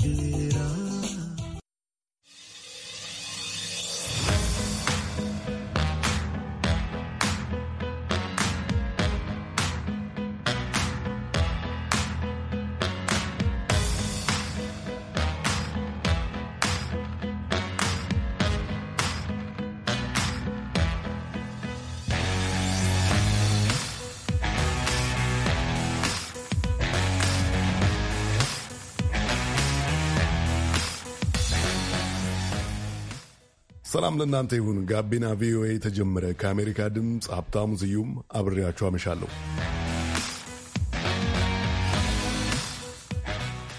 You. ሰላም ለእናንተ ይሁን። ጋቢና ቪኦኤ የተጀመረ ከአሜሪካ ድምፅ ሀብታሙ ስዩም አብሬያችሁ አመሻለሁ።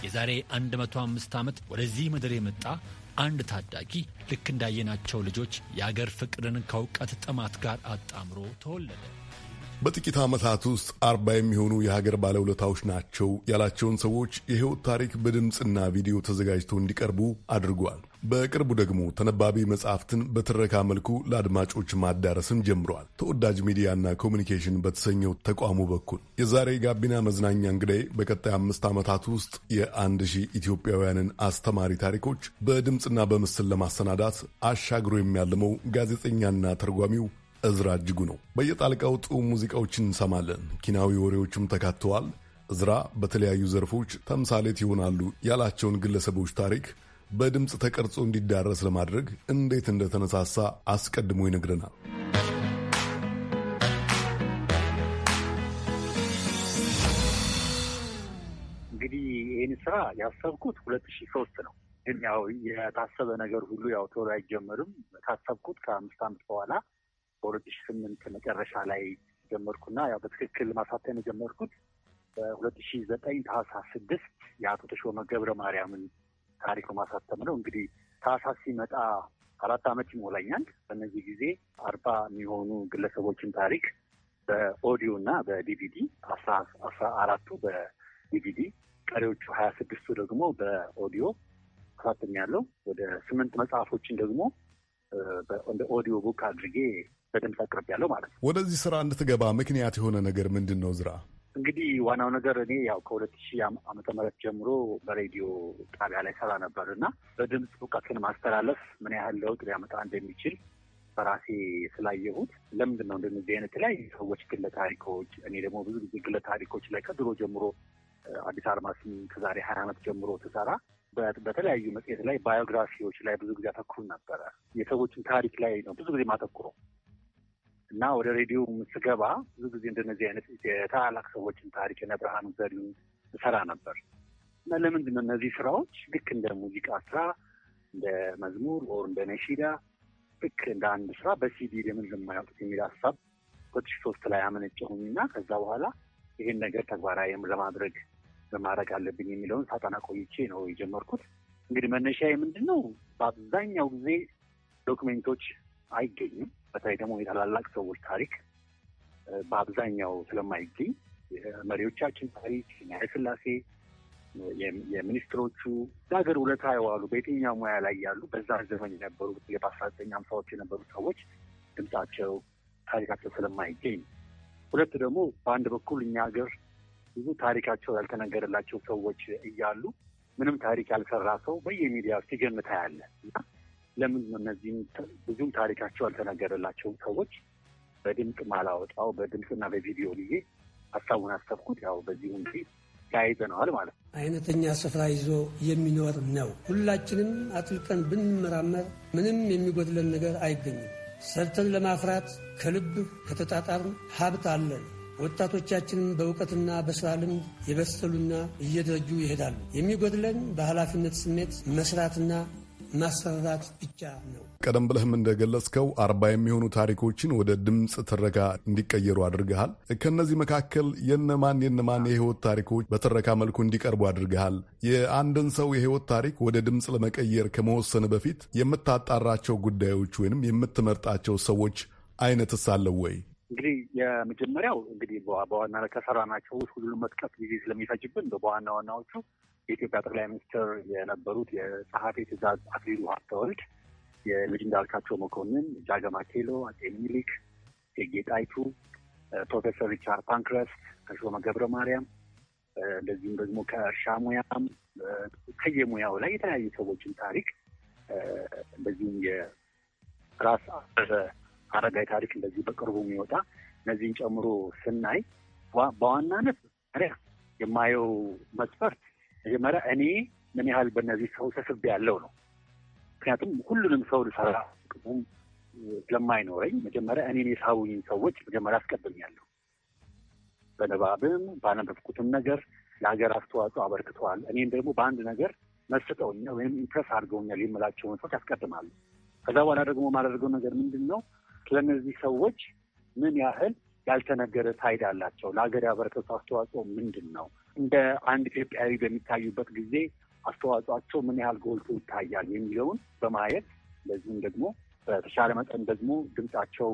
የዛሬ 105 ዓመት ወደዚህ ምድር የመጣ አንድ ታዳጊ ልክ እንዳየናቸው ልጆች የአገር ፍቅርን ከእውቀት ጥማት ጋር አጣምሮ ተወለደ። በጥቂት ዓመታት ውስጥ አርባ የሚሆኑ የሀገር ባለውለታዎች ናቸው ያላቸውን ሰዎች የሕይወት ታሪክ በድምፅና ቪዲዮ ተዘጋጅቶ እንዲቀርቡ አድርጓል። በቅርቡ ደግሞ ተነባቢ መጽሐፍትን በትረካ መልኩ ለአድማጮች ማዳረስን ጀምረዋል። ተወዳጅ ሚዲያና ኮሚኒኬሽን በተሰኘው ተቋሙ በኩል የዛሬ ጋቢና መዝናኛ እንግዳይ በቀጣይ አምስት ዓመታት ውስጥ የአንድ ሺህ ኢትዮጵያውያንን አስተማሪ ታሪኮች በድምፅና በምስል ለማሰናዳት አሻግሮ የሚያልመው ጋዜጠኛና ተርጓሚው እዝራ እጅጉ ነው። በየጣልቃው ጡ ሙዚቃዎችን እንሰማለን። ኪናዊ ወሬዎችም ተካተዋል። እዝራ በተለያዩ ዘርፎች ተምሳሌት ይሆናሉ ያላቸውን ግለሰቦች ታሪክ በድምፅ ተቀርጾ እንዲዳረስ ለማድረግ እንዴት እንደተነሳሳ አስቀድሞ ይነግረናል። እንግዲህ ይህን ስራ ያሰብኩት ሁለት ሺህ ሶስት ነው ግን ያው የታሰበ ነገር ሁሉ ያው ቶሎ አይጀመርም። ታሰብኩት ከአምስት ዓመት በኋላ በሁለት ሺ ስምንት መጨረሻ ላይ ጀመርኩና ያው በትክክል ማሳተን የጀመርኩት በሁለት ሺ ዘጠኝ ታህሳስ ስድስት የአቶ ተሾመ ገብረ ማርያምን ታሪክ በማሳተም ነው። እንግዲህ ታህሳስ ሲመጣ አራት ዓመት ይሞላኛል። በእነዚህ ጊዜ አርባ የሚሆኑ ግለሰቦችን ታሪክ በኦዲዮ እና በዲቪዲ አስራ አራቱ በዲቪዲ ቀሪዎቹ ሀያ ስድስቱ ደግሞ በኦዲዮ አሳትም ያለው ወደ ስምንት መጽሐፎችን ደግሞ እንደ ኦዲዮ ቡክ አድርጌ በድምፅ አቅርብ ያለው ማለት ነው። ወደዚህ ስራ እንድትገባ ምክንያት የሆነ ነገር ምንድን ነው? ዝራ እንግዲህ ዋናው ነገር እኔ ያው ከሁለት ሺ ዓመተ ምህረት ጀምሮ በሬዲዮ ጣቢያ ላይ ሰራ ነበር እና በድምፅ እውቀትን ማስተላለፍ ምን ያህል ለውጥ ሊያመጣ እንደሚችል በራሴ ስላየሁት ለምንድን ነው እንደዚህ አይነት የተለያዩ ሰዎች ግለ ታሪኮች እኔ ደግሞ ብዙ ጊዜ ግለ ታሪኮች ላይ ከድሮ ጀምሮ አዲስ አርማስም ከዛሬ ሀያ ዓመት ጀምሮ ትሰራ በተለያዩ መጽሔት ላይ ባዮግራፊዎች ላይ ብዙ ጊዜ አተኩሩ ነበረ። የሰዎችን ታሪክ ላይ ነው ብዙ ጊዜ ማተኩረው እና ወደ ሬዲዮ ስገባ ብዙ ጊዜ እንደነዚህ አይነት የታላላቅ ሰዎችን ታሪክ የነብርሃኑ ዘሪሁን እሰራ ነበር እና ለምንድን ነው እነዚህ ስራዎች ልክ እንደ ሙዚቃ ስራ እንደ መዝሙር ኦር እንደ ነሺዳ ልክ እንደ አንድ ስራ በሲዲ ለምን ለማያውጡት የሚል ሀሳብ ሁለት ሺህ ሶስት ላይ አመነጨሁኝ እና ከዛ በኋላ ይህን ነገር ተግባራዊ ለማድረግ ለማድረግ አለብኝ የሚለውን ሳጠና ቆይቼ ነው የጀመርኩት። እንግዲህ መነሻዬ ምንድን ነው? በአብዛኛው ጊዜ ዶክሜንቶች አይገኙም። በተለይ ደግሞ የታላላቅ ሰዎች ታሪክ በአብዛኛው ስለማይገኝ የመሪዎቻችን ታሪክ ኃይለሥላሴ የሚኒስትሮቹ ለሀገር ውለታ የዋሉ በየትኛው ሙያ ላይ ያሉ በዛ ዘመን የነበሩ በአስራ ዘጠኝ ሀምሳዎች የነበሩ ሰዎች ድምጻቸው፣ ታሪካቸው ስለማይገኝ፣ ሁለት ደግሞ በአንድ በኩል እኛ ሀገር ብዙ ታሪካቸው ያልተነገረላቸው ሰዎች እያሉ ምንም ታሪክ ያልሰራ ሰው በየሚዲያ ሲገምታ ያለ እና ለምን እነዚህም ብዙም ታሪካቸው ያልተነገረላቸውን ሰዎች በድምፅ ማላወጣው በድምፅና በቪዲዮ ልዬ ሀሳቡን አሰብኩት። ያው በዚሁ እንግዲህ ተያይዘነዋል ማለት ነው። አይነተኛ ስፍራ ይዞ የሚኖር ነው። ሁላችንም አጥልቀን ብንመራመር ምንም የሚጎድለን ነገር አይገኝም። ሰርተን ለማፍራት ከልብ ከተጣጣርን ሀብት አለን። ወጣቶቻችንም በእውቀትና በስራ ልምድ የበሰሉና እየደረጁ ይሄዳሉ። የሚጎድለን በኃላፊነት ስሜት መስራትና ማሰራት ብቻ ነው። ቀደም ብለህም እንደገለጽከው አርባ የሚሆኑ ታሪኮችን ወደ ድምፅ ትረካ እንዲቀየሩ አድርገሃል። ከእነዚህ መካከል የነማን የነማን የህይወት ታሪኮች በትረካ መልኩ እንዲቀርቡ አድርገሃል? የአንድን ሰው የህይወት ታሪክ ወደ ድምፅ ለመቀየር ከመወሰን በፊት የምታጣራቸው ጉዳዮች ወይንም የምትመርጣቸው ሰዎች አይነትስ አለው ወይ? እንግዲህ የመጀመሪያው እንግዲህ በዋና ከሰራ ናቸው ውስጥ ሁሉንም መጥቀስ ጊዜ ስለሚፈጅብን በዋና ዋናዎቹ የኢትዮጵያ ጠቅላይ ሚኒስትር የነበሩት የጸሐፊ ትእዛዝ አክሊሉ ሀብተወልድ፣ የልጅ እንዳልካቸው መኮንን፣ ጃገማ ኬሎ፣ አጼ ሚኒሊክ፣ እቴጌ ጣይቱ፣ ፕሮፌሰር ሪቻርድ ፓንክረስት፣ ተሾመ ገብረ ማርያም እንደዚሁም ደግሞ ከእርሻ ሙያም ከየሙያው ላይ የተለያዩ ሰዎችን ታሪክ እንደዚሁም የራስ አበበ አረጋዊ ታሪክ እንደዚህ በቅርቡ የሚወጣ እነዚህን ጨምሮ ስናይ በዋናነት መሪያ የማየው መስፈርት መጀመሪያ እኔ ምን ያህል በእነዚህ ሰው ተስብ ያለው ነው። ምክንያቱም ሁሉንም ሰው ልሰራ ቅሙም ስለማይኖረኝ መጀመሪያ እኔን የሳቡኝ ሰዎች መጀመሪያ አስቀድሜያለሁ። በንባብም ባነበብኩትም ነገር ለሀገር አስተዋጽኦ አበርክተዋል፣ እኔም ደግሞ በአንድ ነገር መስጠውኛል ወይም ኢምፕረስ አድርገውኛል የምላቸውን ሰዎች አስቀድማለሁ። ከዛ በኋላ ደግሞ የማደርገው ነገር ምንድን ነው? ስለነዚህ ሰዎች ምን ያህል ያልተነገረ ሳይድ አላቸው? ለሀገር ያበረከቱ አስተዋጽኦ ምንድን ነው? እንደ አንድ ኢትዮጵያዊ በሚታዩበት ጊዜ አስተዋጽኦቸው ምን ያህል ጎልቶ ይታያል የሚለውን በማየት እንደዚሁም ደግሞ በተሻለ መጠን ደግሞ ድምጻቸው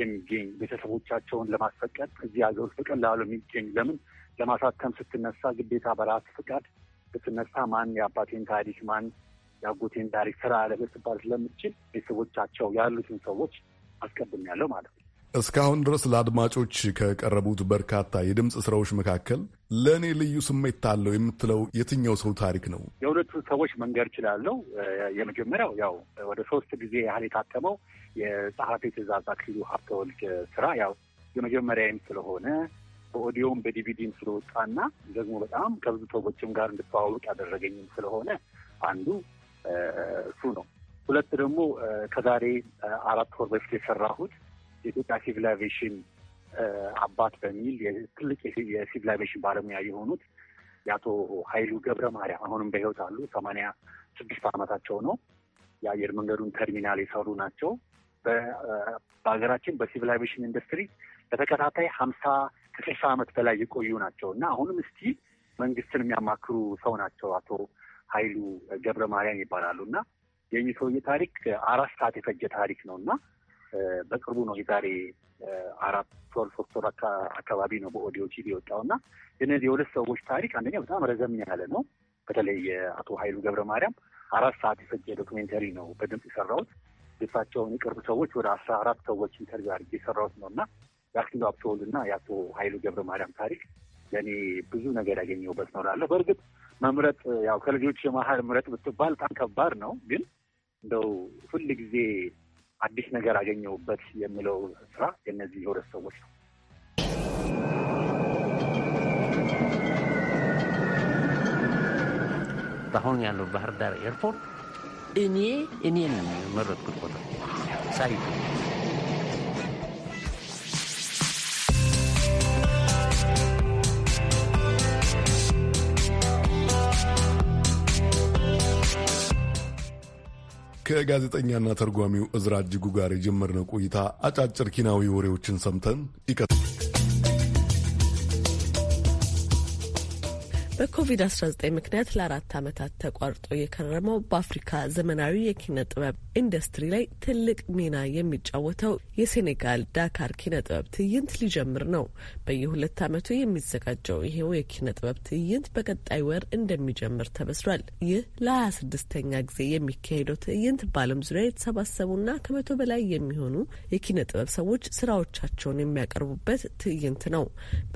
የሚገኝ ቤተሰቦቻቸውን ለማስፈቀድ እዚህ ሀገር ውስጥ በቀላሉ የሚገኝ ለምን ለማሳተም ስትነሳ ግዴታ በራስ ፍቃድ ስትነሳ ማን የአባቴን ታሪክ ማን የአጎቴን ታሪክ ስራ ለመስባል ስለምችል ቤተሰቦቻቸው ያሉትን ሰዎች አስቀድም ያለው ማለት ነው። እስካሁን ድረስ ለአድማጮች ከቀረቡት በርካታ የድምፅ ስራዎች መካከል ለእኔ ልዩ ስሜት አለው የምትለው የትኛው ሰው ታሪክ ነው? የሁለቱ ሰዎች መንገድ እችላለሁ። የመጀመሪያው ያው ወደ ሶስት ጊዜ ያህል የታተመው የጸሐፊ ትእዛዝ አክሊሉ ሀብተወልድ ስራ ያው የመጀመሪያዬም ስለሆነ በኦዲዮም በዲቪዲም ስለወጣና ደግሞ በጣም ከብዙ ሰዎችም ጋር እንድተዋወቅ ያደረገኝም ስለሆነ አንዱ እሱ ነው። ሁለት ደግሞ ከዛሬ አራት ወር በፊት የሰራሁት የኢትዮጵያ ሲቪል አቪዬሽን አባት በሚል ትልቅ የሲቪል አቪዬሽን ባለሙያ የሆኑት የአቶ ኃይሉ ገብረ ማርያም አሁንም በህይወት አሉ። ሰማንያ ስድስት ዓመታቸው ነው። የአየር መንገዱን ተርሚናል የሰሩ ናቸው። በሀገራችን በሲቪል አቪዬሽን ኢንዱስትሪ በተከታታይ ሀምሳ ከስልሳ ዓመት በላይ የቆዩ ናቸው እና አሁንም እስቲ መንግስትን የሚያማክሩ ሰው ናቸው አቶ ኃይሉ ገብረ ማርያም ይባላሉ እና የእኚህ ሰውዬ ታሪክ አራት ሰዓት የፈጀ ታሪክ ነው እና በቅርቡ ነው የዛሬ አራት ወር ሶስት ወር አካባቢ ነው በኦዲዮ ቲቪ የወጣው እና የነዚህ የሁለት ሰዎች ታሪክ አንደኛ በጣም ረዘም ያለ ነው። በተለይ የአቶ ኃይሉ ገብረ ማርያም አራት ሰዓት የፈጀ ዶክሜንተሪ ነው በድምፅ የሰራሁት። የእሳቸውን የቅርብ ሰዎች ወደ አስራ አራት ሰዎች ኢንተርቪው አድርጌ የሰራሁት ነው እና የአክሊሉ ሀብተወልድ እና የአቶ ኃይሉ ገብረ ማርያም ታሪክ ለእኔ ብዙ ነገር ያገኘሁበት ነው ላለው በእርግጥ መምረጥ ያው ከልጆች መሀል ምረጥ ብትባል በጣም ከባድ ነው። ግን እንደው ሁል ጊዜ አዲስ ነገር አገኘሁበት የሚለው ስራ የነዚህ ሁለት ሰዎች ነው። አሁን ያለው ባህር ዳር ኤርፖርት እኔ እኔ ነው የመረጥኩት ቦታ ሳይቱ ከጋዜጠኛና ተርጓሚው እዝራ እጅጉ ጋር የጀመርነው ቆይታ አጫጭር ኪናዊ ወሬዎችን ሰምተን ይቀጥላል። በኮቪድ-19 ምክንያት ለአራት ዓመታት ተቋርጦ የከረመው በአፍሪካ ዘመናዊ የኪነ ጥበብ ኢንዱስትሪ ላይ ትልቅ ሚና የሚጫወተው የሴኔጋል ዳካር ኪነ ጥበብ ትዕይንት ሊጀምር ነው። በየሁለት ዓመቱ የሚዘጋጀው ይሄው የኪነ ጥበብ ትዕይንት በቀጣይ ወር እንደሚጀምር ተበስሯል። ይህ ለሀያ ስድስተኛ ጊዜ የሚካሄደው ትዕይንት በዓለም ዙሪያ የተሰባሰቡና ከመቶ በላይ የሚሆኑ የኪነ ጥበብ ሰዎች ስራዎቻቸውን የሚያቀርቡበት ትዕይንት ነው።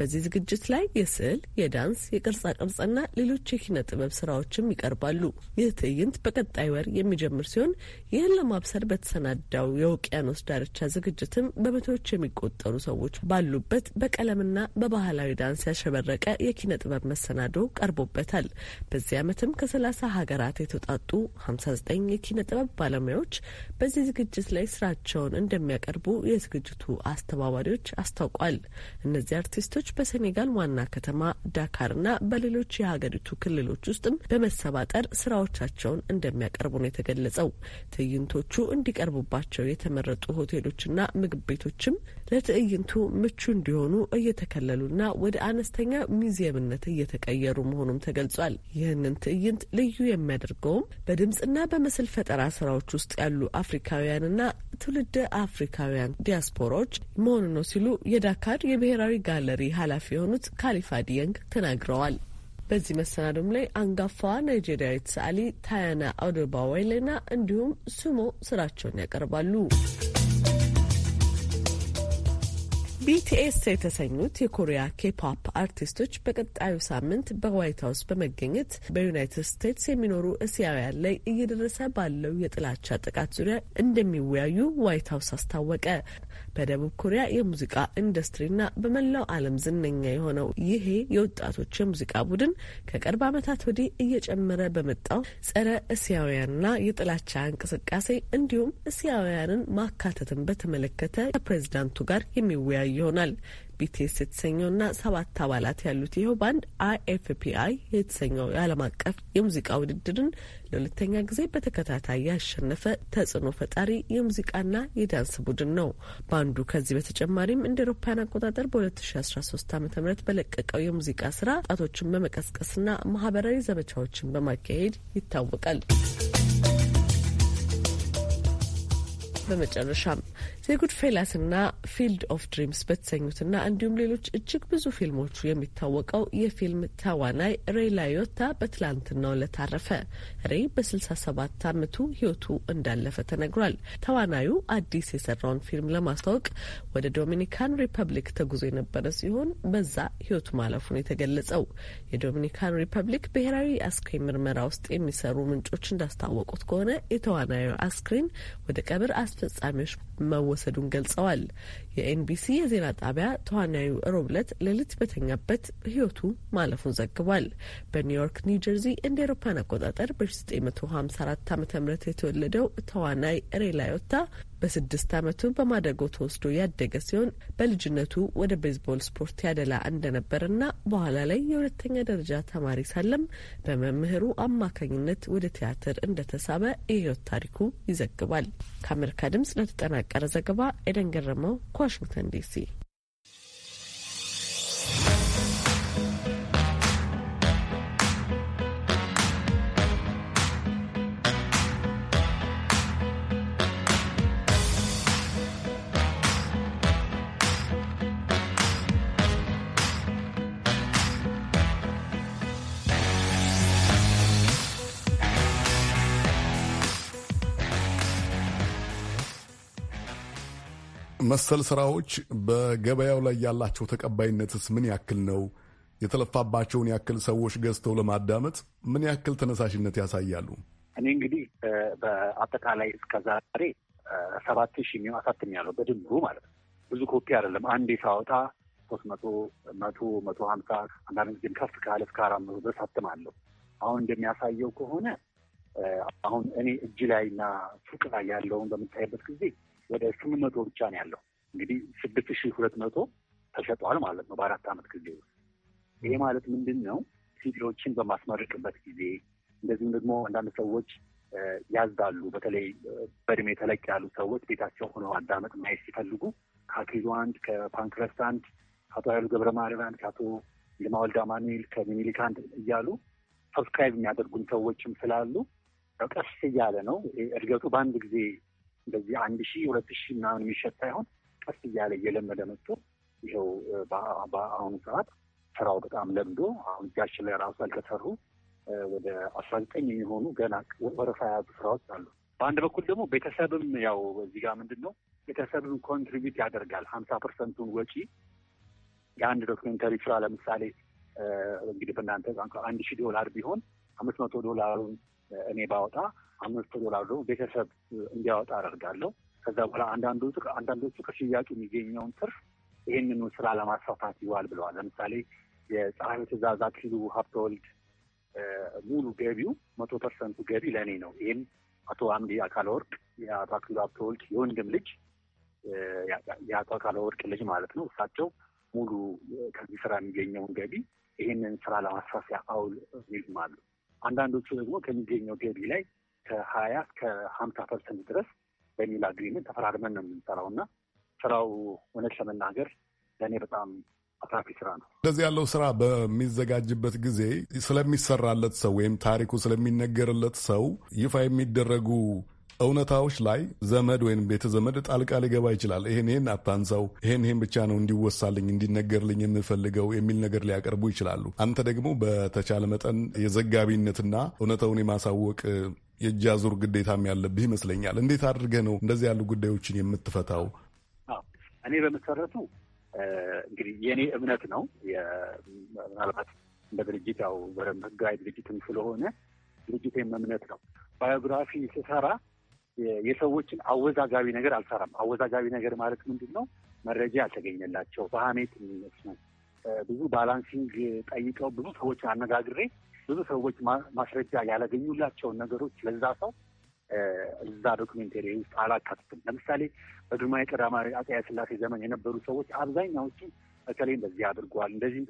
በዚህ ዝግጅት ላይ የስዕል፣ የዳንስ፣ የቅርጻ ቅርጽና ሌሎች የኪነ ጥበብ ስራዎችም ይቀርባሉ። ይህ ትዕይንት በቀጣይ ወር የሚጀምር ሲሆን ይህን ለማብሰር በተሰናዳው የውቅያኖስ ዳርቻ ዝግጅትም በመቶዎች የሚቆጠሩ ሰዎች ባሉበት በቀለምና በባህላዊ ዳንስ ያሸበረቀ የኪነ ጥበብ መሰናዶ ቀርቦበታል። በዚህ ዓመትም ከ30 ሀገራት የተውጣጡ 59 የኪነ ጥበብ ባለሙያዎች በዚህ ዝግጅት ላይ ስራቸውን እንደሚያቀርቡ የዝግጅቱ አስተባባሪዎች አስታውቋል። እነዚህ አርቲስቶች በሴኔጋል ዋና ከተማ ዳካርና በሌሎች በሌሎች የሀገሪቱ ክልሎች ውስጥም በመሰባጠር ስራዎቻቸውን እንደሚያቀርቡ ነው የተገለጸው። ትዕይንቶቹ እንዲቀርቡባቸው የተመረጡ ሆቴሎችና ምግብ ቤቶችም ለትዕይንቱ ምቹ እንዲሆኑ እየተከለሉና ወደ አነስተኛ ሚዚየምነት እየተቀየሩ መሆኑም ተገልጿል። ይህንን ትዕይንት ልዩ የሚያደርገውም በድምፅና በምስል ፈጠራ ስራዎች ውስጥ ያሉ አፍሪካውያንና ትውልደ አፍሪካውያን ዲያስፖራዎች መሆኑ ነው ሲሉ የዳካር የብሔራዊ ጋለሪ ኃላፊ የሆኑት ካሊፋ ዲየንግ ተናግረዋል። በዚህ መሰናዶም ላይ አንጋፋዋ ናይጄሪያዊት ሰዓሊ ታያና አውደባዋይሌና እንዲሁም ስሞ ስራቸውን ያቀርባሉ። ቢቲኤስ የተሰኙት የኮሪያ ኬፖፕ አርቲስቶች በቀጣዩ ሳምንት በዋይት ሀውስ በመገኘት በዩናይትድ ስቴትስ የሚኖሩ እስያውያን ላይ እየደረሰ ባለው የጥላቻ ጥቃት ዙሪያ እንደሚወያዩ ዋይት ሀውስ አስታወቀ። በደቡብ ኮሪያ የሙዚቃ ኢንዱስትሪና በመላው ዓለም ዝነኛ የሆነው ይሄ የወጣቶች የሙዚቃ ቡድን ከቅርብ ዓመታት ወዲህ እየጨመረ በመጣው ጸረ እስያውያንና የጥላቻ እንቅስቃሴ እንዲሁም እስያውያንን ማካተትን በተመለከተ ከፕሬዚዳንቱ ጋር የሚወያይ ይሆናል። ቢቲኤስ የተሰኘውና ሰባት አባላት ያሉት ይኸው ባንድ አይኤፍፒአይ የተሰኘው የዓለም አቀፍ የሙዚቃ ውድድርን ለሁለተኛ ጊዜ በተከታታይ ያሸነፈ ተጽዕኖ ፈጣሪ የሙዚቃና የዳንስ ቡድን ነው። ባንዱ ከዚህ በተጨማሪም እንደ ኤሮፓያን አቆጣጠር በ2013 ዓ ም በለቀቀው የሙዚቃ ስራ ጣቶችን በመቀስቀስና ማህበራዊ ዘመቻዎችን በማካሄድ ይታወቃል። በመጨረሻም ዘጉድፌላስና ፊልድ ኦፍ ድሪምስ በተሰኙትና እንዲሁም ሌሎች እጅግ ብዙ ፊልሞቹ የሚታወቀው የፊልም ተዋናይ ሬይ ላዮታ በትላንትናው ዕለት አረፈ። ሬይ በ67 ዓመቱ ሕይወቱ እንዳለፈ ተነግሯል። ተዋናዩ አዲስ የሰራውን ፊልም ለማስተዋወቅ ወደ ዶሚኒካን ሪፐብሊክ ተጉዞ የነበረ ሲሆን በዛ ህይወቱ ማለፉን የተገለጸው የዶሚኒካን ሪፐብሊክ ብሔራዊ የአስክሬን ምርመራ ውስጥ የሚሰሩ ምንጮች እንዳስታወቁት ከሆነ የተዋናዩ አስክሬን ወደ ቀብር አስፈጻሚዎች መወሰዱን ገልጸዋል። የኤንቢሲ የዜና ጣቢያ ተዋናዩ ሮብ ሌሊት በተኛበት ህይወቱ ማለፉን ዘግቧል። በኒውዮርክ ኒውጀርዚ እንደ ኤሮፓን አቆጣጠር በ1954 ዓ ም የተወለደው ተዋናይ ሬላዮታ ላዮታ በስድስት ዓመቱ በማደጎ ተወስዶ ያደገ ሲሆን በልጅነቱ ወደ ቤዝቦል ስፖርት ያደላ እንደነበርና በኋላ ላይ የሁለተኛ ደረጃ ተማሪ ሳለም በመምህሩ አማካኝነት ወደ ቲያትር እንደተሳበ የህይወት ታሪኩ ይዘግባል። ከአሜሪካ ድምጽ ለተጠናቀረ ዘገባ ኤደን ገረመው ከዋሽንግተን ዲሲ መሰል ስራዎች በገበያው ላይ ያላቸው ተቀባይነትስ ምን ያክል ነው? የተለፋባቸውን ያክል ሰዎች ገዝተው ለማዳመጥ ምን ያክል ተነሳሽነት ያሳያሉ? እኔ እንግዲህ በአጠቃላይ እስከ ዛሬ ሰባት ሺህ የሚሆን አሳትሜያለሁ በድምሩ ማለት ነው። ብዙ ኮፒ አይደለም አንዴ ሳወጣ ሶስት መቶ መቶ መቶ ሀምሳ አንዳንድ ጊዜም ከፍ ካለ እስከ አራት መቶ ድረስ አትማለሁ። አሁን እንደሚያሳየው ከሆነ አሁን እኔ እጅ ላይ እና ሱቅ ላይ ያለውን በምታይበት ጊዜ ወደ ስምንት መቶ ብቻ ነው ያለው። እንግዲህ ስድስት ሺ ሁለት መቶ ተሸጠዋል ማለት ነው በአራት ዓመት ጊዜ ውስጥ። ይሄ ማለት ምንድን ነው? ሲቪሎችን በማስመርቅበት ጊዜ እንደዚሁም ደግሞ አንዳንድ ሰዎች ያዛሉ። በተለይ በእድሜ ተለቅ ያሉ ሰዎች ቤታቸው ሆነው አዳመጥ ማየት ሲፈልጉ ከአክሊሉ አንድ፣ ከፓንክረስት አንድ፣ ከአቶ ኃይሉ ገብረ ማርያም አንድ፣ ከአቶ ልማ ወልደ አማኑኤል፣ ከሚኒሊክ አንድ እያሉ ሰብስክራይብ የሚያደርጉን ሰዎችም ስላሉ ቀስ እያለ ነው እድገቱ። በአንድ ጊዜ እንደዚህ አንድ ሺ ሁለት ሺ ምናምን የሚሸጥ ሳይሆን ቀስ እያለ እየለመደ መጥቶ ይኸው በአሁኑ ሰዓት ስራው በጣም ለምዶ አሁን እጃችን ላይ ራሱ ያልተሰሩ ወደ አስራ ዘጠኝ የሚሆኑ ገና ወረፋ የያዙ ስራዎች አሉ። በአንድ በኩል ደግሞ ቤተሰብም ያው እዚህ ጋር ምንድን ነው ቤተሰብም ኮንትሪቢዩት ያደርጋል። ሀምሳ ፐርሰንቱን ወጪ የአንድ ዶክመንተሪ ስራ ለምሳሌ እንግዲህ በእናንተ አንድ ሺህ ዶላር ቢሆን አምስት መቶ ዶላሩን እኔ ባወጣ አምስት ዶላር ቤተሰብ እንዲያወጣ አደርጋለሁ ከዛ በኋላ አንዳንዶቹ ከሽያጩ የሚገኘውን ትርፍ ይህንኑ ስራ ለማስፋፋት ይዋል ብለዋል። ለምሳሌ የፀሐይ ትእዛዝ አክሊሉ ሀብተወልድ ሙሉ ገቢው መቶ ፐርሰንቱ ገቢ ለእኔ ነው። ይህም አቶ አምዲ አካል ወርቅ የአቶ አክሊሉ ሀብተወልድ የወንድም ልጅ የአቶ አካል ወርቅ ልጅ ማለት ነው። እሳቸው ሙሉ ከዚህ ስራ የሚገኘውን ገቢ ይህንን ስራ ለማስፋፊያ አውል የሚሉም አሉ። አንዳንዶቹ ደግሞ ከሚገኘው ገቢ ላይ ከሀያ እስከ ሀምሳ ፐርሰንት ድረስ በሚል አግሪመንት ተፈራርመን ነው የምንሰራው እና ስራው እውነት ለመናገር ለእኔ በጣም አትራፊ ስራ ነው። እንደዚህ ያለው ስራ በሚዘጋጅበት ጊዜ ስለሚሰራለት ሰው ወይም ታሪኩ ስለሚነገርለት ሰው ይፋ የሚደረጉ እውነታዎች ላይ ዘመድ ወይም ቤተ ዘመድ ጣልቃ ሊገባ ይችላል። ይሄን ይህን አታንሳው፣ ይሄን ይሄን ብቻ ነው እንዲወሳልኝ እንዲነገርልኝ የምፈልገው የሚል ነገር ሊያቀርቡ ይችላሉ። አንተ ደግሞ በተቻለ መጠን የዘጋቢነትና እውነታውን የማሳወቅ የእጅ አዙር ግዴታም ያለብህ ይመስለኛል። እንዴት አድርገህ ነው እንደዚህ ያሉ ጉዳዮችን የምትፈታው? እኔ በመሰረቱ እንግዲህ የእኔ እምነት ነው። ምናልባት እንደ ድርጅት ያው በደንብ ህጋዊ ድርጅትም ስለሆነ ድርጅቴም እምነት ነው። ባዮግራፊ ስሰራ የሰዎችን አወዛጋቢ ነገር አልሰራም። አወዛጋቢ ነገር ማለት ምንድን ነው? መረጃ ያልተገኘላቸው በሀሜት የሚመስሉ ብዙ ባላንሲንግ ጠይቀው ብዙ ሰዎችን አነጋግሬ ብዙ ሰዎች ማስረጃ ያላገኙላቸውን ነገሮች ለዛ ሰው እዛ ዶክሜንቴሪ ውስጥ አላካትትም። ለምሳሌ በግርማዊ ቀዳማዊ አፄ ስላሴ ዘመን የነበሩ ሰዎች አብዛኛዎቹ በተለይ እንደዚህ አድርጓል፣ እንደዚህ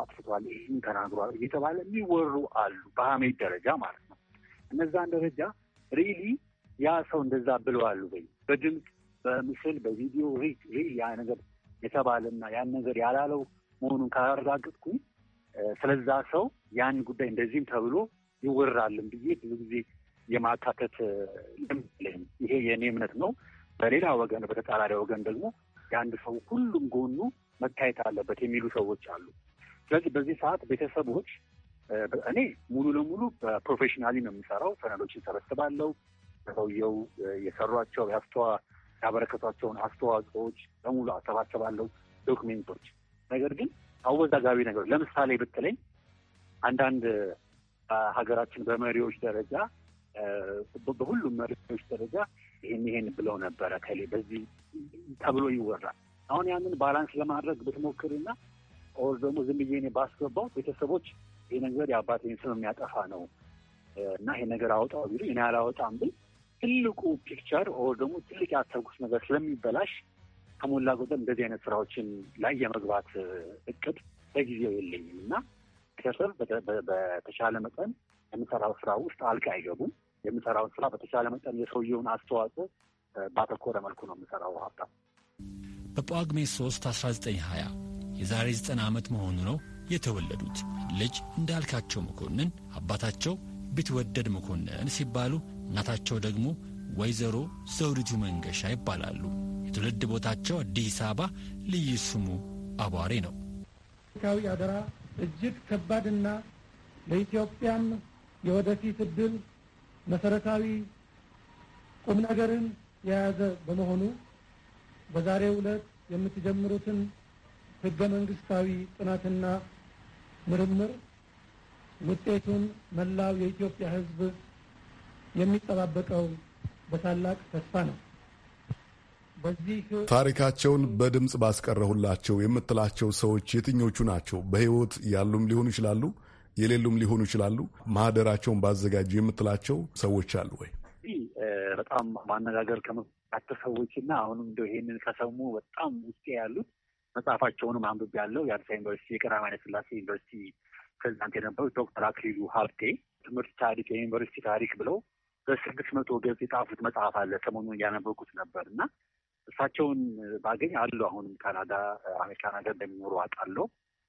አጥፍቷል፣ ይህን ተናግሯል እየተባለ የሚወሩ አሉ፣ በሀሜት ደረጃ ማለት ነው። እነዛን ደረጃ ሪሊ ያ ሰው እንደዛ ብለዋሉ ወይ በድምፅ በምስል በቪዲዮ ሪሊ ያ ነገር የተባለና ያን ነገር ያላለው መሆኑን ካላረጋገጥኩኝ ስለዛ ሰው ያን ጉዳይ እንደዚህም ተብሎ ይወራልን ብዬ ብዙ ጊዜ የማካተት ልምድ ይሄ የእኔ እምነት ነው። በሌላ ወገን በተጻራሪ ወገን ደግሞ የአንድ ሰው ሁሉም ጎኑ መታየት አለበት የሚሉ ሰዎች አሉ። ስለዚህ በዚህ ሰዓት ቤተሰቦች እኔ ሙሉ ለሙሉ በፕሮፌሽናሊ ነው የምሰራው። ሰነዶችን ሰበስባለው። ሰውየው የሰሯቸው ያስተዋ ያበረከቷቸውን አስተዋጽኦዎች በሙሉ አሰባሰባለው ዶክሜንቶች። ነገር ግን አወዛጋቢ ነገር ለምሳሌ ብትለኝ አንዳንድ ሀገራችን በመሪዎች ደረጃ በሁሉም መሪዎች ደረጃ ይህን ይሄን ብለው ነበረ ከሌ በዚህ ተብሎ ይወራል። አሁን ያንን ባላንስ ለማድረግ ብትሞክርና ኦር ደግሞ ዝም ብዬ እኔ ባስገባው ቤተሰቦች ይህ ነገር የአባቴን ስም የሚያጠፋ ነው እና ይሄ ነገር አወጣው ቢሉ እኔ አላወጣም ብል ትልቁ ፒክቸር ኦር ደግሞ ትልቅ ያሰብኩት ነገር ስለሚበላሽ ከሞላ ጎደል እንደዚህ አይነት ስራዎችን ላይ የመግባት እቅድ በጊዜው የለኝም እና ከስር በተሻለ መጠን የምሰራው ስራ ውስጥ አልቃ አይገቡም። የምሰራውን ስራ በተሻለ መጠን የሰውየውን አስተዋጽኦ ባተኮረ መልኩ ነው የምሰራው። ሀብታ በጳጉሜ 3 1920 የዛሬ 90 ዓመት መሆኑ ነው የተወለዱት ልጅ እንዳልካቸው መኮንን አባታቸው ቢትወደድ መኮንን ሲባሉ እናታቸው ደግሞ ወይዘሮ ዘውዲቱ መንገሻ ይባላሉ። የትውልድ ቦታቸው አዲስ አበባ ልዩ ስሙ አቧሬ ነው። አደራ እጅግ ከባድና ለኢትዮጵያም የወደፊት እድል መሰረታዊ ቁም ነገርን የያዘ በመሆኑ በዛሬው ዕለት የምትጀምሩትን ህገ መንግስታዊ ጥናትና ምርምር ውጤቱን መላው የኢትዮጵያ ህዝብ የሚጠባበቀው በታላቅ ተስፋ ነው። ታሪካቸውን በድምፅ ባስቀረሁላቸው የምትላቸው ሰዎች የትኞቹ ናቸው? በሕይወት ያሉም ሊሆኑ ይችላሉ፣ የሌሉም ሊሆኑ ይችላሉ። ማህደራቸውን ባዘጋጁ የምትላቸው ሰዎች አሉ ወይ? በጣም ማነጋገር ከመጣቸው ሰዎች እና አሁንም እንደው ይሄንን ከሰሙ በጣም ውስጤ ያሉት መጽሐፋቸውንም አንብቤ ያለው የአዲስ ዩኒቨርሲቲ የቀዳማዊ ኃይለ ሥላሴ ዩኒቨርሲቲ ፕሬዚዳንት የነበሩት ዶክተር አክሊሉ ሀብቴ ትምህርት ታሪክ የዩኒቨርሲቲ ታሪክ ብለው በስድስት መቶ ገጽ የጻፉት መጽሐፍ አለ። ሰሞኑን እያነበብኩት ነበር እና እሳቸውን ባገኝ አሉ። አሁንም ካናዳ፣ አሜሪካን ሀገር እንደሚኖሩ አውቃለሁ።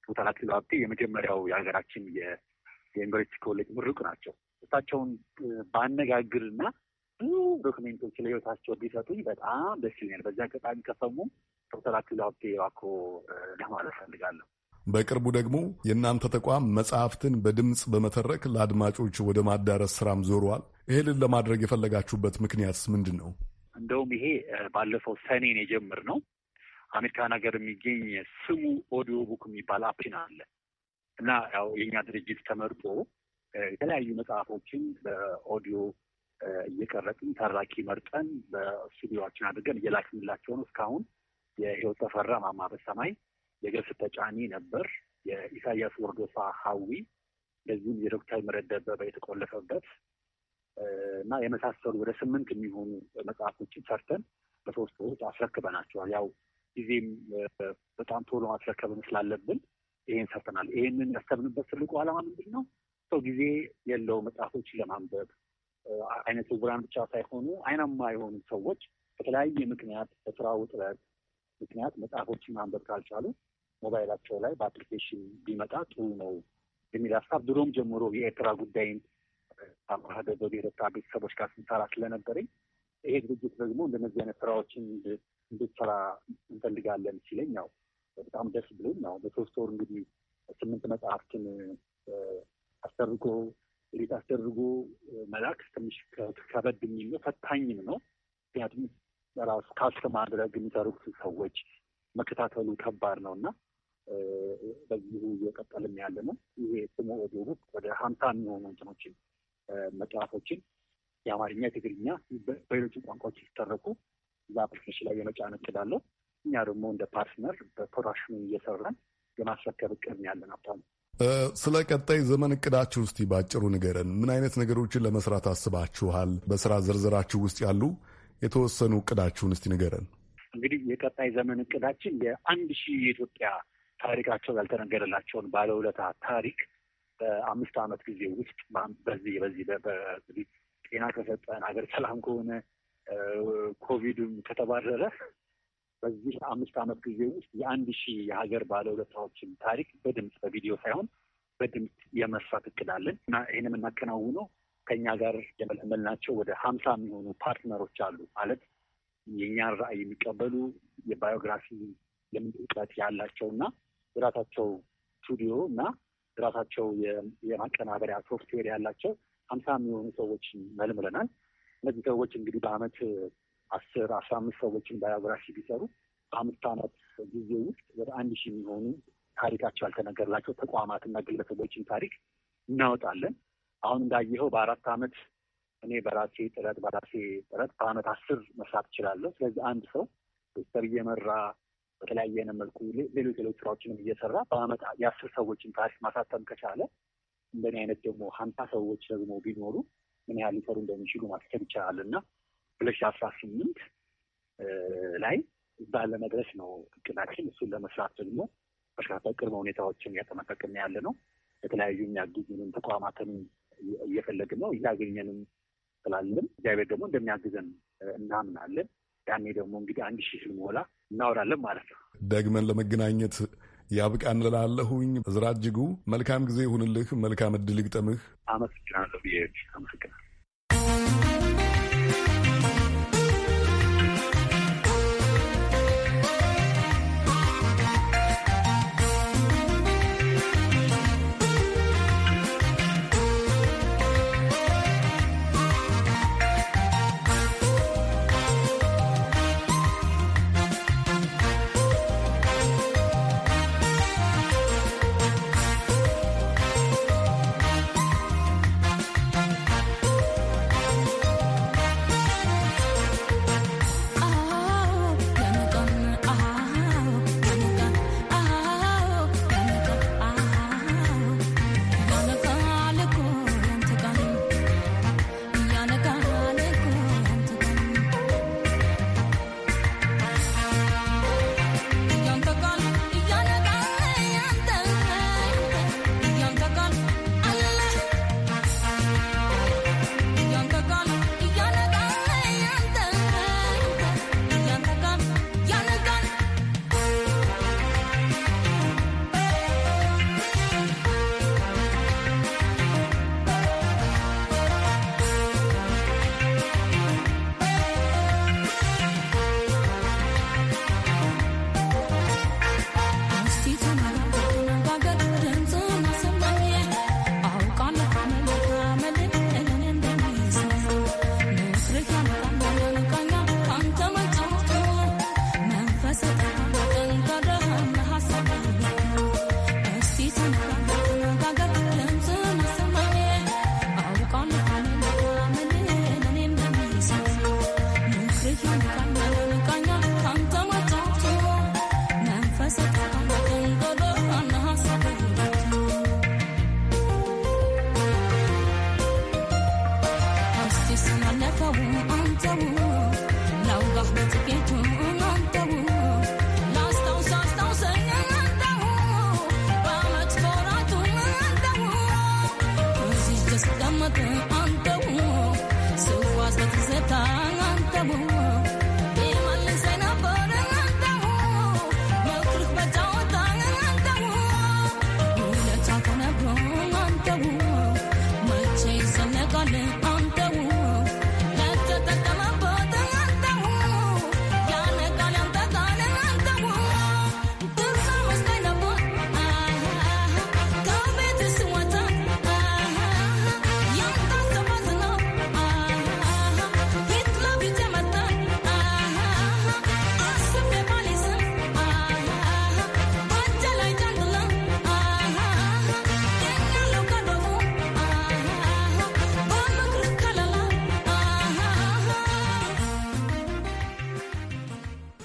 ዶክተር አክሊሉ ሀብቴ የመጀመሪያው የሀገራችን የዩኒቨርሲቲ ኮሌጅ ምሩቅ ናቸው። እሳቸውን ባነጋግርና ብዙ ዶክሜንቶች ለህይወታቸው ቢሰጡኝ በጣም ደስ ይለኛል። በዚህ አጋጣሚ ከሰሙ ዶክተር አክሊሉ ሀብቴ እባክዎ ለማለት ፈልጋለሁ። በቅርቡ ደግሞ የእናንተ ተቋም መጽሐፍትን በድምፅ በመተረክ ለአድማጮች ወደ ማዳረስ ስራም ዞረዋል። ይህንን ለማድረግ የፈለጋችሁበት ምክንያትስ ምንድን ነው? እንደውም ይሄ ባለፈው ሰኔን የጀምር ነው። አሜሪካን ሀገር የሚገኝ ስሙ ኦዲዮ ቡክ የሚባል አፕሽን አለ እና ያው የኛ ድርጅት ተመርጦ የተለያዩ መጽሐፎችን በኦዲዮ እየቀረጥን ተራኪ መርጠን በስቱዲዮችን አድርገን እየላክንላቸው ነው። እስካሁን የህይወት ተፈራ ማማ በሰማይ፣ የገብስ ተጫኒ ነበር፣ የኢሳያስ ወርዶሳ ሀዊ፣ እንደዚሁም የዶክተር ምህረት ደበበ የተቆለፈበት እና የመሳሰሉ ወደ ስምንት የሚሆኑ መጽሐፎችን ሰርተን በሶስት ወር አስረክበናቸዋል። ያው ጊዜም በጣም ቶሎ ማስረከብ ስላለብን ይሄን ሰርተናል። ይሄንን ያሰብንበት ትልቁ ዓላማ ምንድን ነው? ሰው ጊዜ የለው መጽሐፎችን ለማንበብ አይነ ስውራን ብቻ ሳይሆኑ አይናማ የሆኑ ሰዎች በተለያየ ምክንያት በስራው ውጥረት ምክንያት መጽሐፎችን ማንበብ ካልቻሉ ሞባይላቸው ላይ በአፕሊኬሽን ቢመጣ ጥሩ ነው የሚል ሀሳብ ድሮም ጀምሮ የኤርትራ ጉዳይን አባህደ በብሔረታ ቤተሰቦች ጋር ስንሰራ ስለነበረኝ ይሄ ድርጅት ደግሞ እንደነዚህ አይነት ስራዎችን እንድትሰራ እንፈልጋለን ሲለኝ ያው በጣም ደስ ብሎኝ ያው በሶስት ወር እንግዲህ ስምንት መጽሐፍትን አስደርጎ እንዴት አስደርጎ መላክ ትንሽ ከበድ የሚል ነው፣ ፈታኝም ነው። ምክንያቱም ራሱ ካስተ ማድረግ የሚሰሩት ሰዎች መከታተሉ ከባድ ነው እና በዚሁ እየቀጠልም ያለ ነው። ይሄ ስሙ ኦዲዮ ቡክ ወደ ሀምሳ የሚሆኑ እንትኖችን መጽሐፎችን የአማርኛ የትግርኛ በሌሎች ቋንቋዎች ሲተረኩ እዛ ፕሮሰስ ላይ የመጫነት ስላለው እኛ ደግሞ እንደ ፓርትነር በፕሮዳክሽኑ እየሰራን የማስረከብ እቅድ ያለን ሀብታሙ። ስለ ቀጣይ ዘመን እቅዳችሁ ውስጥ ባጭሩ ንገረን። ምን አይነት ነገሮችን ለመስራት አስባችኋል? በስራ ዝርዝራችሁ ውስጥ ያሉ የተወሰኑ እቅዳችሁን እስቲ ንገረን። እንግዲህ የቀጣይ ዘመን እቅዳችን የአንድ ሺህ የኢትዮጵያ ታሪካቸው ያልተነገረላቸውን ባለውለታ ታሪክ በአምስት ዓመት ጊዜ ውስጥ በዚህ በዚህ በዚህ ጤና ከሰጠን ሀገር ሰላም ከሆነ ኮቪድም ከተባረረ በዚህ አምስት ዓመት ጊዜ ውስጥ የአንድ ሺህ የሀገር ባለውለታዎችን ታሪክ በድምፅ በቪዲዮ ሳይሆን በድምፅ የመስራት እቅድ አለን እና ይህን የምናከናውነው ከኛ ጋር የመለመልናቸው ወደ ሀምሳ የሚሆኑ ፓርትነሮች አሉ። ማለት የእኛን ራዕይ የሚቀበሉ የባዮግራፊ የምን እውቀት ያላቸው እና የራሳቸው ስቱዲዮ እና ራሳቸው የማቀናበሪያ ሶፍትዌር ያላቸው ሀምሳ የሚሆኑ ሰዎችን መልምለናል። እነዚህ ሰዎች እንግዲህ በአመት አስር አስራ አምስት ሰዎችን ባዮግራፊ ቢሰሩ በአምስት አመት ጊዜ ውስጥ ወደ አንድ ሺህ የሚሆኑ ታሪካቸው ያልተነገርላቸው ተቋማትና ግለሰቦችን ታሪክ እናወጣለን። አሁን እንዳየኸው በአራት አመት እኔ በራሴ ጥረት በራሴ ጥረት በአመት አስር መስራት እችላለሁ። ስለዚህ አንድ ሰው ዶክተር እየመራ በተለያየ አይነት መልኩ ሌሎች ሌሎች ስራዎችንም እየሰራ በአመት የአስር ሰዎችን ታሪክ ማሳተም ከቻለ እንደኔ አይነት ደግሞ ሀምሳ ሰዎች ደግሞ ቢኖሩ ምን ያህል ሊሰሩ እንደሚችሉ ማስከብ ይቻላል እና ሁለት ሺ አስራ ስምንት ላይ እዛ ለመድረስ ነው እቅዳችን። እሱን ለመስራት ደግሞ በርካታ ቅድመ ሁኔታዎችን እያጠናቀቅን ያለ ነው። የተለያዩ የሚያግዙንም ተቋማትን እየፈለግን ነው፣ እያገኘንም ስላለን እግዚአብሔር ደግሞ እንደሚያግዘን እናምናለን። ያኔ ደግሞ እንግዲህ አንድ ሺህ ስንሞላ እናወራለን ማለት ነው። ደግመን ለመገናኘት ያብቃን እላለሁኝ። እዝራ እጅጉ መልካም ጊዜ ይሁንልህ፣ መልካም እድል ይግጠምህ። አመሰግናለሁ። አመሰግናለሁ።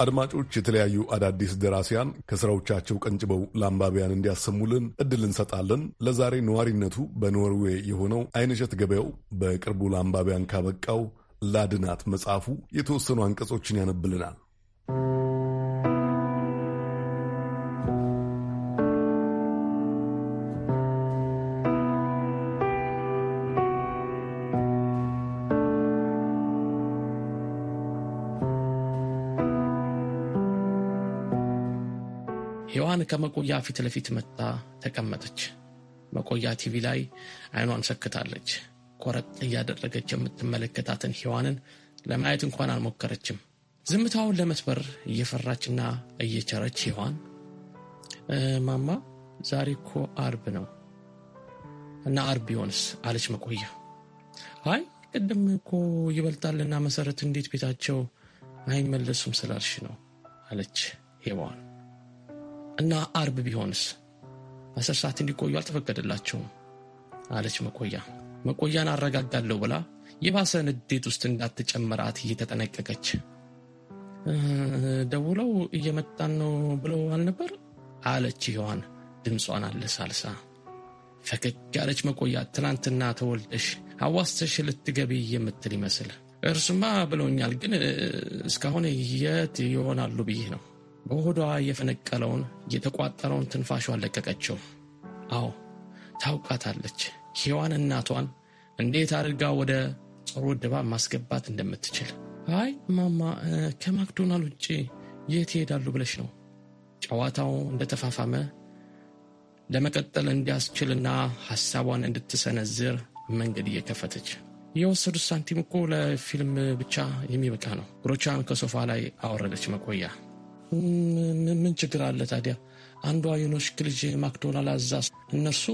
አድማጮች የተለያዩ አዳዲስ ደራሲያን ከስራዎቻቸው ቀንጭበው ለአንባቢያን እንዲያሰሙልን እድል እንሰጣለን። ለዛሬ ነዋሪነቱ በኖርዌይ የሆነው አይነሸት ገበያው በቅርቡ ለአንባቢያን ካበቃው ላድናት መጽሐፉ የተወሰኑ አንቀጾችን ያነብልናል። ከመቆያ ፊት ለፊት መጥታ ተቀመጠች። መቆያ ቲቪ ላይ አይኗን ሰክታለች። ቆረጥ እያደረገች የምትመለከታትን ሔዋንን ለማየት እንኳን አልሞከረችም። ዝምታውን ለመስበር እየፈራችና እየቸረች ሔዋን ማማ ዛሬ እኮ አርብ ነው እና አርብ ቢሆንስ አለች መቆያ። አይ ቅድም እኮ ይበልጣልና መሰረት እንዴት ቤታቸው አይመለሱም ስላልሽ ነው አለች ሔዋን። እና አርብ ቢሆንስ አስር ሰዓት እንዲቆዩ አልተፈቀደላቸውም አለች መቆያ። መቆያን አረጋጋለሁ ብላ የባሰ ንዴት ውስጥ እንዳትጨምራት እየተጠነቀቀች ደውለው እየመጣን ነው ብለው አልነበር አለች ይኸዋን ድምጿን አለሳልሳ። ፈገግ ያለች መቆያ ትናንትና ተወልደሽ አዋስተሽ ልትገቢ የምትል ይመስል እርሱማ ብለውኛል፣ ግን እስካሁን የት ይሆናሉ ብዬ ነው በሆዷ የፈነቀለውን የተቋጠረውን ትንፋሿን ለቀቀችው። አዎ ታውቃታለች፣ ሔዋን እናቷን እንዴት አድርጋ ወደ ጥሩ ድባብ ማስገባት እንደምትችል። አይ ማማ፣ ከማክዶናል ውጭ የት ይሄዳሉ ብለሽ ነው? ጨዋታው እንደተፋፋመ ለመቀጠል እንዲያስችልና ሐሳቧን እንድትሰነዝር መንገድ እየከፈተች የወሰዱት ሳንቲም እኮ ለፊልም ብቻ የሚበቃ ነው። እግሮቿን ከሶፋ ላይ አወረደች። መቆያ ምን ችግር አለ ታዲያ? አንዷ የኖሽክ ልጅ ማክዶናል አዛ እነርሱ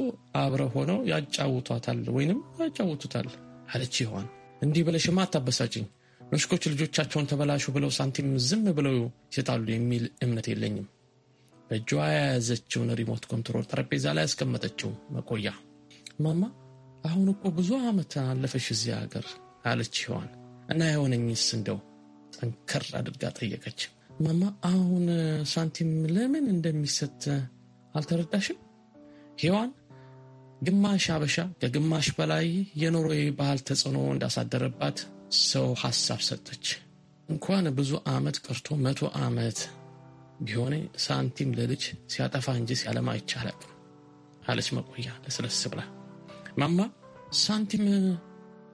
አብረው ሆነው ያጫውቷታል ወይንም ያጫውቱታል አለች። ይሆን እንዲህ ብለሽማ አታበሳጭኝ። ኖሽኮች ልጆቻቸውን ተበላሹ ብለው ሳንቲም ዝም ብለው ይሰጣሉ የሚል እምነት የለኝም። በእጇ የያዘችውን ሪሞት ኮንትሮል ጠረጴዛ ላይ ያስቀመጠችው መቆያ። ማማ አሁን እኮ ብዙ ዓመት አለፈሽ እዚህ ሀገር አለች ይሆን እና የሆነኝስ እንደው ጠንከር አድርጋ ጠየቀች። ማማ አሁን ሳንቲም ለምን እንደሚሰጥ አልተረዳሽም? ሔዋን ግማሽ አበሻ ከግማሽ በላይ የኖሮ ባህል ተጽዕኖ እንዳሳደረባት ሰው ሐሳብ ሰጠች። እንኳን ብዙ ዓመት ቀርቶ መቶ ዓመት ቢሆኔ ሳንቲም ለልጅ ሲያጠፋ እንጂ ሲያለማ አይቻላል አለች መቆያ ለስለስ ብላ። ማማ ሳንቲም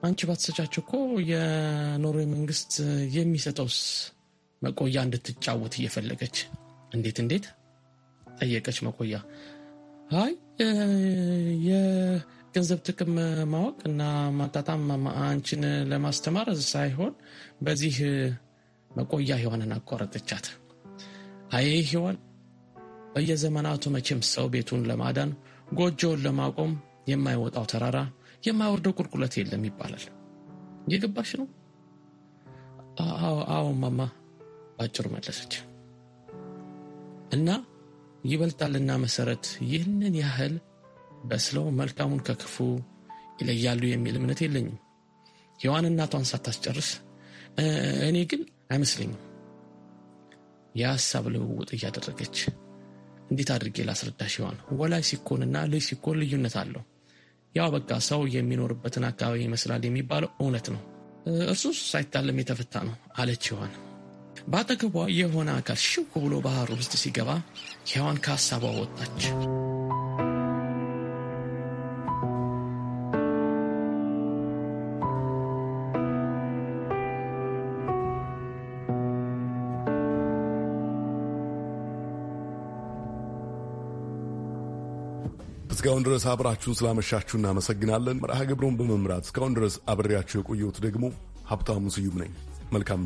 አንቺ ባትሰጫቸው እኮ የኖርዌይ መንግስት የሚሰጠውስ መቆያ እንድትጫወት እየፈለገች እንዴት እንዴት ጠየቀች። መቆያ አይ የገንዘብ ጥቅም ማወቅ እና ማጣጣም አንቺን ለማስተማር ሳይሆን በዚህ መቆያ ሕይዋንን አቋረጠቻት። አይ ሕይዋን በየዘመናቱ መቼም ሰው ቤቱን ለማዳን ጎጆውን ለማቆም የማይወጣው ተራራ የማይወርደው ቁልቁለት የለም ይባላል። እየገባሽ ነው? አዎ ማማ ባጭሩ መለሰች እና ይበልጣልና መሰረት ይህንን ያህል በስለው መልካሙን ከክፉ ይለያሉ የሚል እምነት የለኝም። ሔዋን እናቷን ሳታስጨርስ እኔ ግን አይመስለኝም የሀሳብ ልውውጥ እያደረገች እንዴት አድርጌ ላስረዳሽ? ሔዋን ወላጅ ሲኮንና ልጅ ሲኮን ልዩነት አለው። ያው በቃ ሰው የሚኖርበትን አካባቢ ይመስላል የሚባለው እውነት ነው። እርሱ ሳይታለም የተፈታ ነው አለች ሔዋን በአጠገቧ የሆነ አካል ሽው ብሎ ባህር ውስጥ ሲገባ ሔዋን ከሀሳቧ ወጣች። እስካሁን ድረስ አብራችሁን ስላመሻችሁ እናመሰግናለን። መርሃ ግብሩን በመምራት እስካሁን ድረስ አብሬያችሁ የቆየሁት ደግሞ ሀብታሙ ስዩም ነኝ። መልካም ምሽት።